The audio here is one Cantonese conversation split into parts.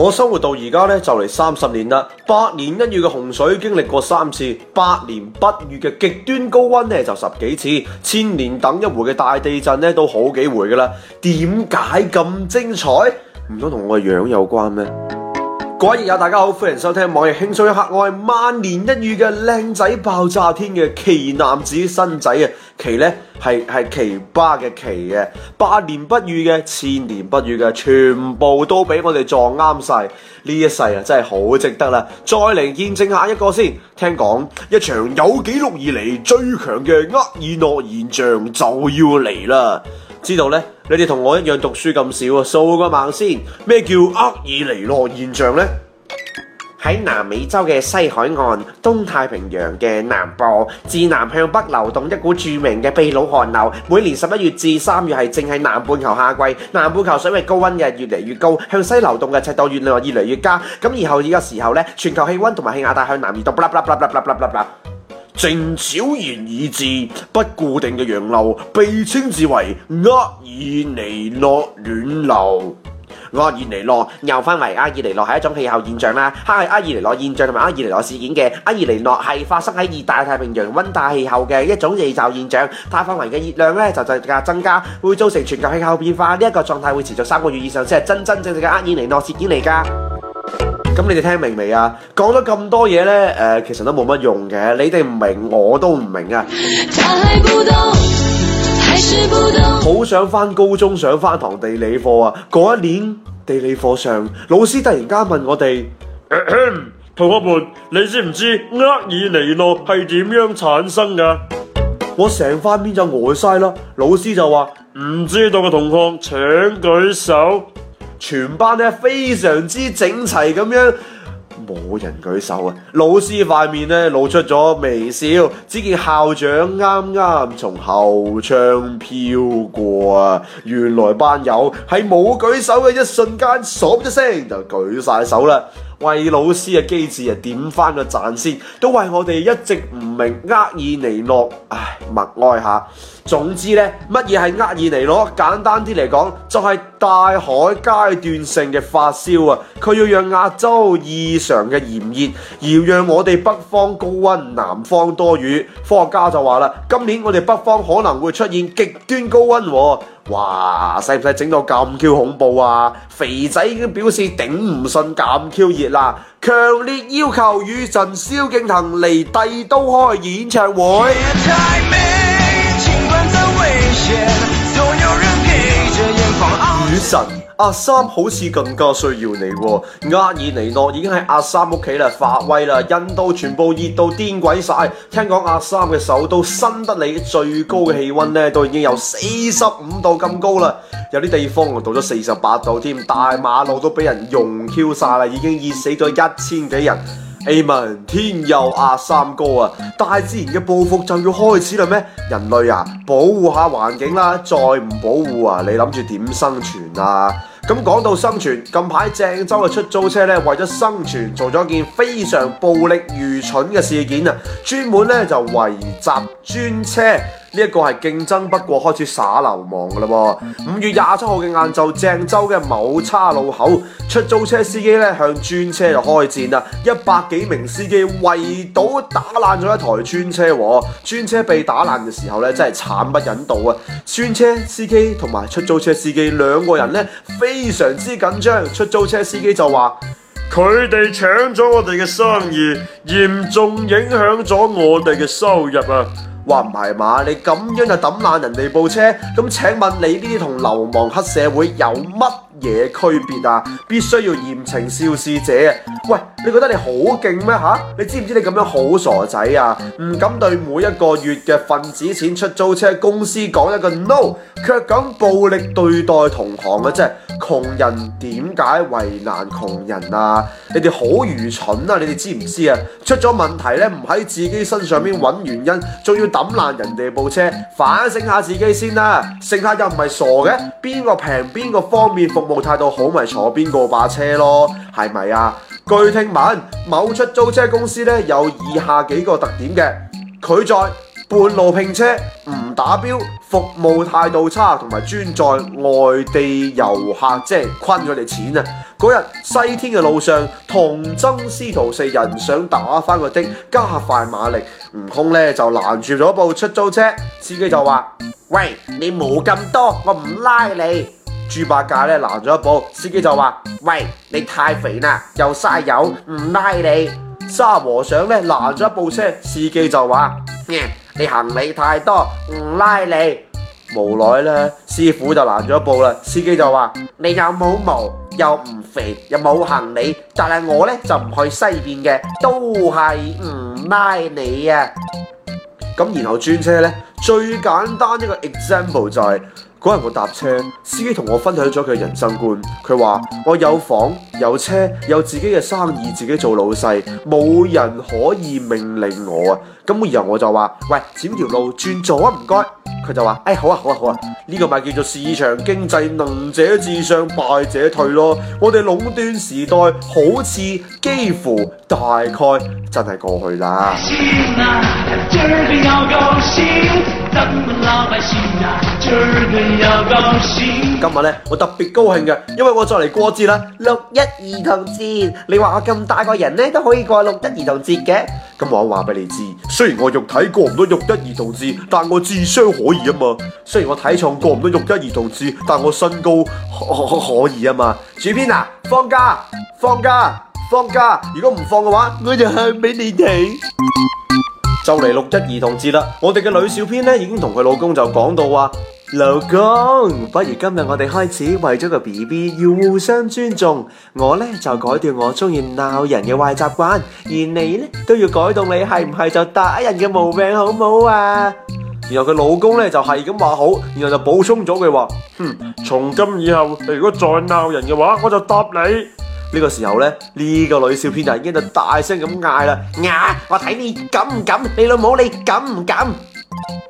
我生活到而家咧，就嚟三十年啦。百年一遇嘅洪水經歷過三次，百年不遇嘅極端高溫咧就十幾次，千年等一回嘅大地震咧都好幾回噶啦。點解咁精彩？唔通同我個樣有關咩？網友、啊、大家好，歡迎收聽網易輕鬆一刻，我係萬年一遇嘅靚仔爆炸天嘅奇男子新仔啊，奇呢係係奇葩嘅奇嘅，百年不遇嘅，千年不遇嘅，全部都俾我哋撞啱晒，呢一世啊真係好值得啦！再嚟見證下一個先，聽講一場有紀錄以嚟最強嘅厄爾諾現象就要嚟啦，知道呢？你哋同我一樣讀書咁少啊？掃個盲先。咩叫厄爾尼諾現象呢？喺南美洲嘅西海岸、東太平洋嘅南部，自南向北流動一股著名嘅秘魯寒流。每年十一月至三月係正係南半球夏季，南半球水位高温嘅越嚟越高，向西流動嘅尺度越嚟越加。咁然後呢個時候呢，全球氣温同埋氣壓帶向南移動，正悄然以至，不固定嘅洋流被稱之為厄爾尼諾暖流。厄爾尼諾又分為厄爾尼諾係一種氣候現象啦。係厄爾尼諾現象同埋厄爾尼諾事件嘅。厄爾尼諾係發生喺熱帶太平洋溫帶氣候嘅一種異常現象。大範圍嘅熱量咧就就價增加，會造成全球氣候變化，呢一個狀態會持續三個月以上先係真真正正嘅厄爾尼諾事件嚟噶。咁你哋聽明未啊？講咗咁多嘢呢，誒，其實都冇乜用嘅。你哋唔明，我都唔明啊！好想翻高中想翻堂地理課啊！嗰一年地理課上，老師突然間問我哋：同學們，你知唔知厄爾尼諾係點樣產生噶？我成班邊就呆晒啦。老師就話：唔知道嘅同學請舉手。全班咧非常之整齊咁樣，冇人舉手啊！老師塊面咧露出咗微笑，只見校長啱啱從後窗飄過啊！原來班友喺冇舉手嘅一瞬間，唰一聲就舉晒手啦！為老師嘅機智啊，點翻個讚先，都為我哋一直唔明厄爾尼諾，唉，默哀下。總之呢，乜嘢係厄爾尼諾？簡單啲嚟講，就係大海階段性嘅發燒啊！佢要讓亞洲異常嘅炎熱，要讓我哋北方高温，南方多雨。科學家就話啦，今年我哋北方可能會出現極端高温喎。哇！使唔使整到咁 Q 恐怖啊？肥仔已經表示頂唔順咁 Q 熱啦，強烈要求雨神蕭敬騰嚟帝都開演唱會。神阿三好似更加需要你喎，哦，厄爾尼諾已經喺阿三屋企啦，發威啦，印度全部熱到癲鬼晒，聽講阿三嘅首都新德里最高嘅氣溫咧都已經有四十五度咁高啦，有啲地方到咗四十八度添，大馬路都俾人融 Q 晒啦，已經熱死咗一千幾人。a 天佑阿三哥啊！大自然嘅報復就要開始喇咩？人類啊，保護下環境啦，啊！再唔保護啊，你諗住點生存啊？咁、嗯、講到生存，近排鄭州嘅出租車咧，為咗生存做咗件非常暴力愚蠢嘅事件啊！專門咧就圍襲專車。呢一個係競爭不過開始耍流氓噶啦！五月廿七號嘅晏晝，鄭州嘅某叉路口，出租車司機咧向專車就開戰啦！一百幾名司機圍堵打爛咗一台專車，哦，專車被打爛嘅時候咧，真係慘不忍睹啊！專車司機同埋出租車司機兩個人咧非常之緊張，出租車司機就話，佢哋搶咗我哋嘅生意，嚴重影響咗我哋嘅收入啊！話唔係嘛？你咁樣就揼爛人哋部車，咁請問你呢啲同流氓黑社會有乜嘢區別啊！必須要嚴懲肇事者啊！喂，你覺得你好勁咩嚇？你知唔知你咁樣好傻仔啊？唔敢對每一個月嘅份子錢出租車公司講一個 no，卻咁暴力對待同行啊。即係，窮人點解為難窮人啊？你哋好愚蠢啊！你哋知唔知啊？出咗問題咧，唔喺自己身上面揾原因，仲要抌爛人哋部車，反省下自己先啦，啊！乘客又唔係傻嘅，邊個平邊個方便奉？服務態度好咪坐邊個把車咯，係咪啊？據聽聞，某出租車公司咧有以下幾個特點嘅：佢在半路拼車，唔打表，服務態度差，同埋專載外地遊客即係昆咗你錢啊！嗰日西天嘅路上，唐僧師徒四人想打返個的，加快馬力，悟空咧就攔住咗部出租車，司機就話：，喂，你冇咁多，我唔拉你。豬八戒咧攔咗一部，司機就話：喂，你太肥啦，又嘥油，唔拉你。沙和尚咧攔咗一部車，司機就話：嗯，你行李太多，唔拉你。無奈咧，師傅就攔咗一部啦，司機就話：你又冇毛，又唔肥，又冇行李，但係我咧就唔去西邊嘅，都係唔拉你啊。咁然後專車咧最簡單一個 example 就係。嗰日我搭車，司機同我分享咗佢嘅人生觀。佢話：我有房有車，有自己嘅生意，自己做老細，冇人可以命令我啊！咁然後我就話：喂，剪條路轉左啊，唔該。佢就話：哎，好啊，好啊，好啊，呢個咪叫做市場經濟，能者至上，敗者退咯。我哋壟斷時代好似幾乎大概真係過去啦。今日呢，我特別高興嘅，因為我再嚟過節啦，六一兒童節。你話我咁大個人呢都可以過六一兒童節嘅？咁我話俾你知，雖然我肉體過唔到六一兒童節，但我智商可以啊嘛。雖然我體重過唔到六一兒童節，但我身高可，可，可，可以啊嘛。主編啊，放假，放假，放假！如果唔放嘅話，我就向俾你哋。就嚟六一兒童節啦，我哋嘅女小編呢，已經同佢老公就講到話：老公，不如今日我哋開始為咗個 B B 要互相尊重。我呢，就改掉我中意鬧人嘅壞習慣，而你呢，都要改動你係唔係就打人嘅毛病好唔好啊？嗯、然後佢老公呢，就係咁話好，然後就補充咗佢話：哼，從今以後你如果再鬧人嘅話，我就答你。呢個時候呢，呢、這個女小編就已經就大聲咁嗌啦！啊，我睇你敢唔敢？你老母，你敢唔敢？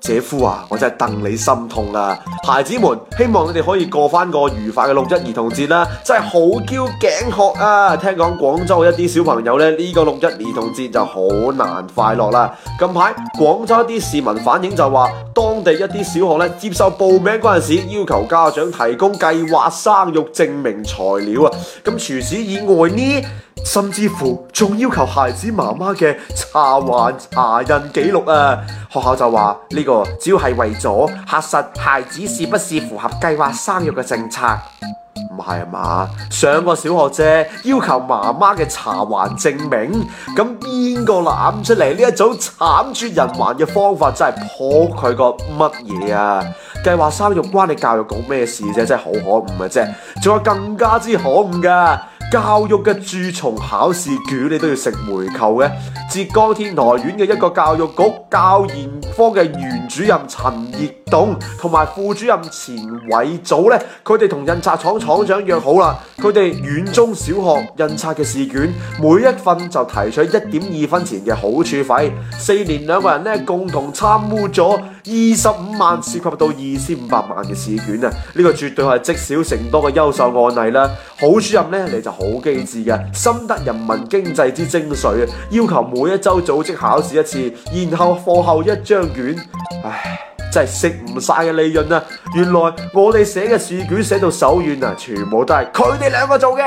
姐夫啊，我真係戥你心痛啦，啊！孩子們，希望你哋可以過翻個愉快嘅六一兒童節啦，啊，真係好嬌頸渴啊！聽講廣州一啲小朋友呢，呢、呢個六一兒童節就好難快樂啦。近排廣州一啲市民反映就話，當地一啲小學呢，接受報名嗰陣時，要求家長提供計劃生育證明材料啊。咁除此以外呢，甚至乎仲要求孩子媽媽嘅查環查孕記錄啊，學校就話。呢個只要係為咗核實孩子是不是符合計劃生育嘅政策，唔係啊嘛？上個小學啫，要求媽媽嘅查環證明，咁邊個攬出嚟呢一種慘絕人寰嘅方法，真係破佢個乜嘢啊？計劃生育關你教育局咩事啫，真係好可惡嘅啫，仲有更加之可惡噶。教育嘅蛀蟲，考試卷你都要食回扣嘅。浙江天台縣嘅一個教育局教研科嘅原主任陳業棟同埋副主任錢偉祖呢，佢哋同印刷廠廠長約好啦，佢哋縣中小學印刷嘅試卷每一份就提取一點二分錢嘅好處費。四年，兩個人呢，共同貪污咗二十五萬，涉及到二千五百萬嘅試卷啊，呢個絕對係積少成多嘅優秀案例啦！好主任呢，你就好機智嘅，深得人民經濟之精髓啊！要求每一周組織考試一次，然後課後一張卷，唉，真係食唔晒嘅利潤啊！原來我哋寫嘅試卷寫到手軟啊，全部都係佢哋兩個做嘅。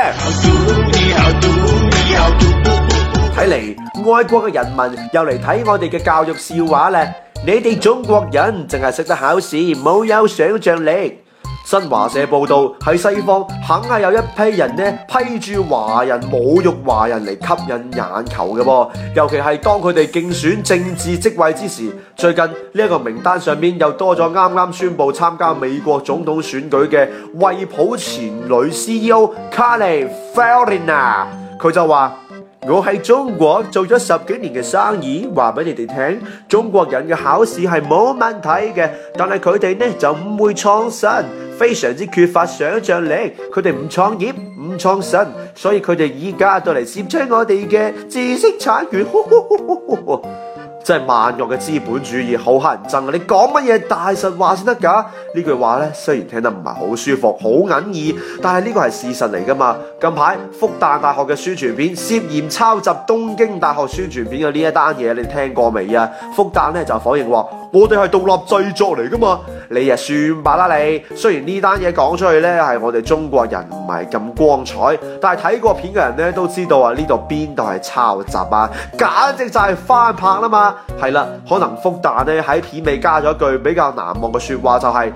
睇嚟外國嘅人民又嚟睇我哋嘅教育笑話咧！你哋中國人淨係識得考試，冇有想象力。新華社報道喺西方，肯係有一批人呢批住華人、侮辱華人嚟吸引眼球嘅噃。尤其係當佢哋競選政治職位之時，最近呢一個名單上面又多咗啱啱宣布參加美國總統選舉嘅惠普前女 CEO Carly Fiorina。佢就話。我喺中國做咗十幾年嘅生意，話俾你哋聽，中國人嘅考試係冇問題嘅，但係佢哋呢，就唔會創新，非常之缺乏想象力，佢哋唔創業，唔創新，所以佢哋依家都嚟竊取我哋嘅知識產權。呵呵呵呵真係萬惡嘅資本主義，好乞人憎啊！你講乜嘢大實話先得㗎？呢句話咧，雖然聽得唔係好舒服，好揞耳，但係呢個係事實嚟㗎嘛。近排復旦大學嘅宣傳片涉嫌抄襲東京大學宣傳片嘅呢一單嘢，你聽過未啊？復旦咧就否認話，我哋係獨立製作嚟㗎嘛。你啊算吧啦你，雖然呢單嘢講出去呢，係我哋中國人唔係咁光彩，但係睇過片嘅人呢，都知道啊，呢度邊度係抄襲啊，簡直就係翻拍啦嘛，係啦，可能復旦呢喺片尾加咗句比較難忘嘅說話、就是，就係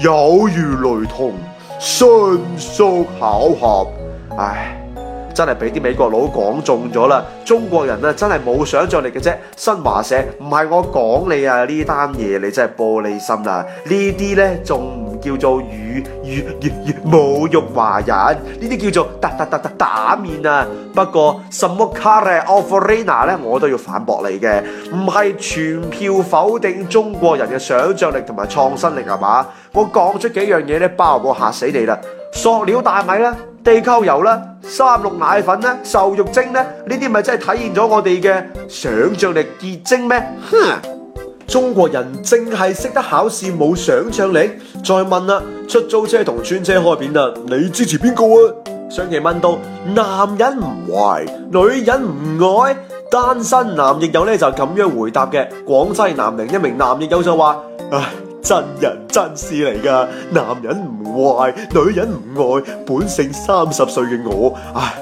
有如雷同，純屬巧合，唉。真係俾啲美國佬講中咗啦！中國人咧真係冇想像力嘅啫。新華社唔係我講你啊，呢單嘢你真係玻璃心啦，啊！呢啲咧仲唔叫做辱辱侮辱華人？呢啲叫做打打打打打面啊！不過什麼 car of arena 咧，我都要反駁你嘅，唔係全票否定中國人嘅想像力同埋創新力係嘛？我講出幾樣嘢咧，包我嚇死你啦！塑料大米啦，地溝油啦。三鹿奶粉咧，瘦肉精咧，呢啲咪真係體現咗我哋嘅想象力結晶咩？哼，中國人淨係識得考試，冇想象力。再問啦，出租車同專車開片啊，你支持邊個啊？上期問到男人唔壞，女人唔愛，單身男亦友咧，就咁樣回答嘅。廣西南寧一名男亦友就話唉。真人真事嚟噶，男人唔壞，女人唔愛，本性三十歲嘅我，唉，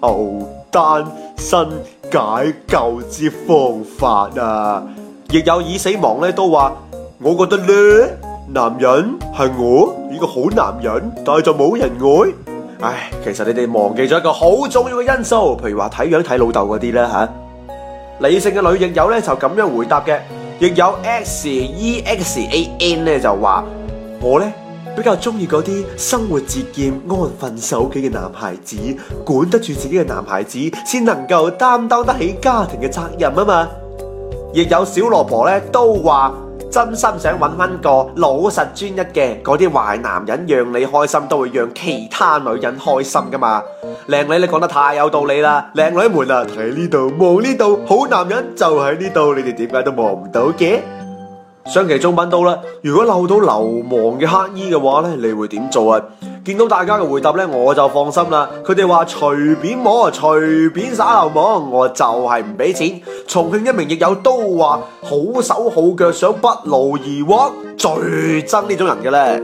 牛單身解救之方法啊！亦有已死亡咧，都話我覺得咧，男人係我呢個好男人，但係就冇人愛，唉，其實你哋忘記咗一個好重要嘅因素，譬如話睇樣睇老豆嗰啲啦吓。理性嘅女亦有咧，就咁樣回答嘅。亦有、e、xexan 咧，就話我咧比較中意嗰啲生活節儉安分守己嘅男孩子，管得住自己嘅男孩子先能夠擔當得起家庭嘅責任啊嘛！亦有小羅婆咧都話。真心想揾返個老實專一嘅嗰啲壞男人，讓你開心都會讓其他女人開心㗎嘛？靚女，你講得太有道理啦！靚女們啊，喺呢度望呢度，好男人就喺呢度，你哋點解都望唔到嘅？上期中品到啦，如果漏到流亡嘅乞衣嘅話咧，你會點做啊？見到大家嘅回答呢，我就放心啦。佢哋話隨便摸，隨便耍流氓，我就係唔俾錢。重慶一名亦友都話好手好腳，想不勞而獲，最憎呢種人嘅呢。」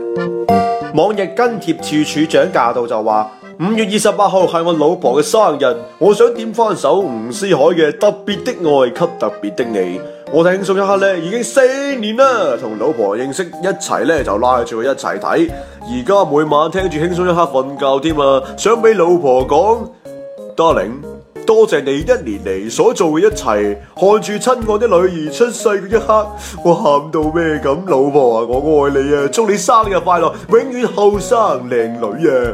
網易跟帖處處長駕到就話五月二十八號係我老婆嘅生日，我想點翻首伍思凱嘅特別的愛給特別的你。我聽輕鬆一刻咧，已經四年啦，同老婆認識一齊咧就拉住佢一齊睇，而家每晚聽住輕鬆一刻瞓覺添啊！想俾老婆講，Darling，多謝你一年嚟所做嘅一切，看住親愛的女兒出世嘅一刻，我喊到咩咁？老婆啊，我愛你啊，祝你生日快樂，永遠後生靚女啊！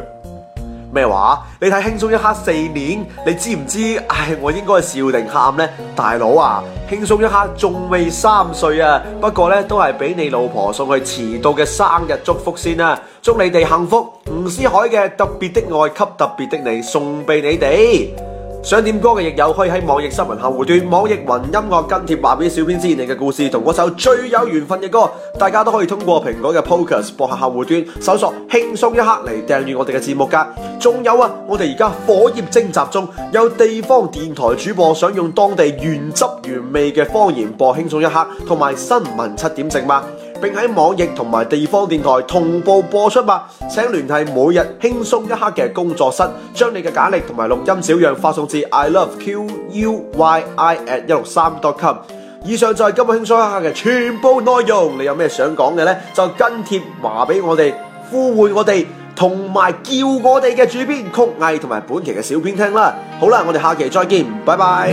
咩話？你睇輕鬆一刻四年，你知唔知？唉，我應該笑定喊呢？大佬啊！輕鬆一刻仲未三歲啊，不過呢，都係俾你老婆送去遲到嘅生日祝福先啦，啊，祝你哋幸福。吳思海嘅特別的愛給特別的你送俾你哋。想點歌嘅亦有可以喺網易新聞客戶端、網易雲音樂跟帖話俾小編知你嘅故事同嗰首最有緣分嘅歌，大家都可以通過蘋果嘅 Podcast 播客客戶端搜索《輕鬆一刻》嚟訂閱我哋嘅節目噶。仲有啊，我哋而家火熱徵集中，有地方電台主播想用當地原汁原味嘅方言播《輕鬆一刻》同埋新聞七點正嗎？並喺網易同埋地方電台同步播出吧。請聯繫每日輕鬆一刻嘅工作室，將你嘅簡歷同埋錄音小樣發送至 i love q u y i at 一六三 dot com。以上就係今日輕鬆一刻嘅全部內容。你有咩想講嘅呢？就跟帖話俾我哋，呼喚我哋，同埋叫我哋嘅主編曲藝同埋本期嘅小編聽啦。好啦，我哋下期再見，拜拜。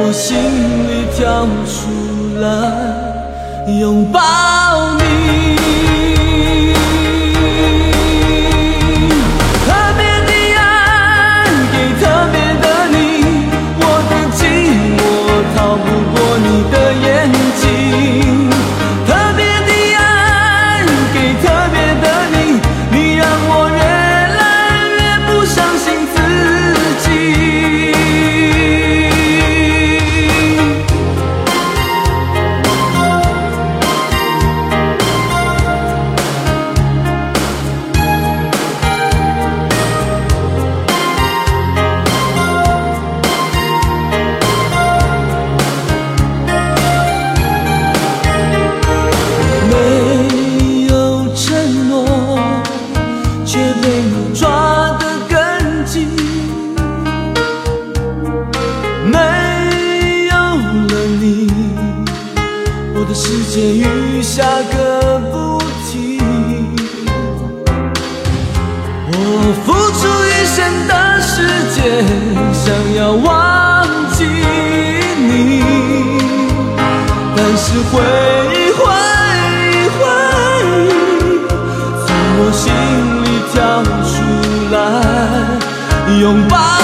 我心裏跳出來，擁抱你。是回憶，回憶，回憶，從我心裏跳出來，擁抱。